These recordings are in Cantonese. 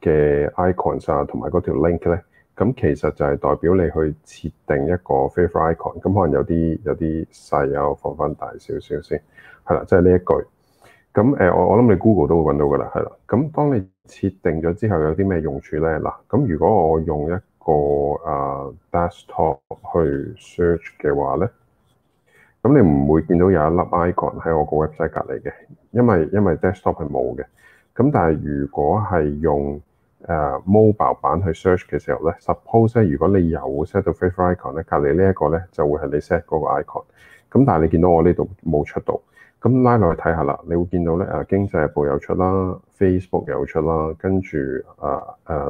嘅 icon 啊，同埋嗰條 link 咧，咁其實就係代表你去設定一個 favicon，咁可能有啲有啲細啊，我放翻大少少先，係啦，即係呢一句。咁誒，我我諗你 Google 都會揾到噶啦，係啦。咁當你設定咗之後，有啲咩用處咧？嗱，咁如果我用一個啊、uh, desktop 去 search 嘅話咧，咁你唔會見到有一粒 icon 喺我個 website 隔離嘅，因為因為 desktop 係冇嘅。咁但係如果係用 mobile 版去 search 嘅時候呢 suppose 咧，如果你有 set 到 Facebook icon 呢，隔離呢一個呢，就會係你 set 嗰個 icon。咁但係你見到我呢度冇出到，咁拉落去睇下啦，你會見到呢誒經濟日報有出啦，Facebook 有出啦，跟住誒誒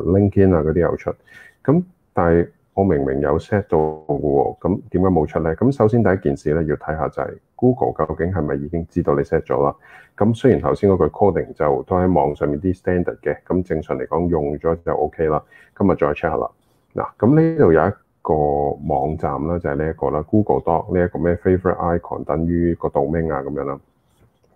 LinkedIn 啊嗰啲有出，咁但係。我明明有 set 到嘅喎，咁點解冇出咧？咁首先第一件事咧，要睇下就係 Google 究竟係咪已經知道你 set 咗啦？咁雖然頭先嗰句 coding 就都喺網上面啲 standard 嘅，咁正常嚟講用咗就 OK 啦。今日再 check 下啦。嗱，咁呢度有一個網站啦，就係呢一個啦，Google Doc 呢一個咩 favorite icon 等於個 domain 啊咁樣啦。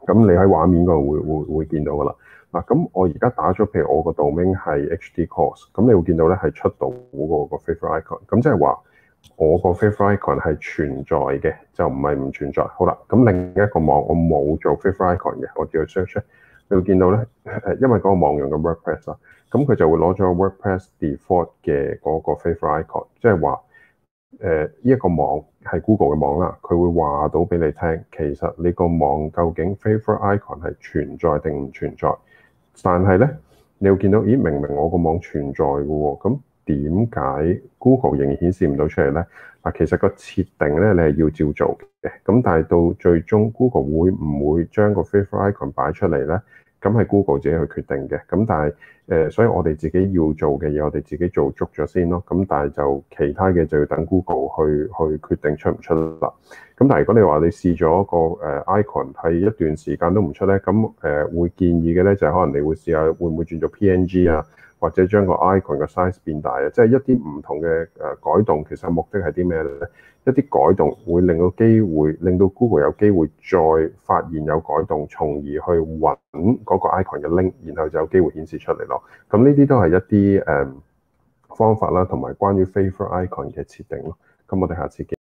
咁你喺畫面嗰度會會會見到嘅啦。嗱，咁、啊、我而家打咗，譬如我個 domain 係 h d course，咁你會見到咧係出到嗰個個 fav icon。咁即係話我個 fav icon 係存在嘅，就唔係唔存在。好啦，咁另一個網我冇做 fav icon 嘅，我叫要 search，你會見到咧誒，因為嗰個網用個 WordPress 啊，咁佢就會攞咗 WordPress default 嘅嗰個 fav icon。即係話誒，呢、這、一個網係 Google 嘅網啦，佢會話到俾你聽，其實你個網究竟 fav icon 係存在定唔存在？但係咧，你會見到，咦，明明我個網存在嘅喎，咁點解 Google 仍然顯示唔到出嚟咧？嗱，其實個設定咧，你係要照做嘅。咁但係到最終，Google 會唔會將個 favicon 擺出嚟咧？咁係 Google 自己去決定嘅，咁但係誒，所以我哋自己要做嘅嘢，我哋自己做足咗先咯。咁但係就其他嘅就要等 Google 去去決定出唔出啦。咁但係如果你話你試咗個誒 icon 係一段時間都唔出咧，咁誒會建議嘅咧就係可能你會試下會唔會轉做 PNG 啊。或者將個 icon 嘅 size 變大啊，即係一啲唔同嘅誒改動其實目的係啲咩咧？一啲改動會令到機會令到 Google 有機會再發現有改動，從而去揾個 icon 嘅 link，然後就有機會顯示出嚟咯。咁呢啲都係一啲誒方法啦，同埋關於 favicon icon 嘅設定咯。咁我哋下次見。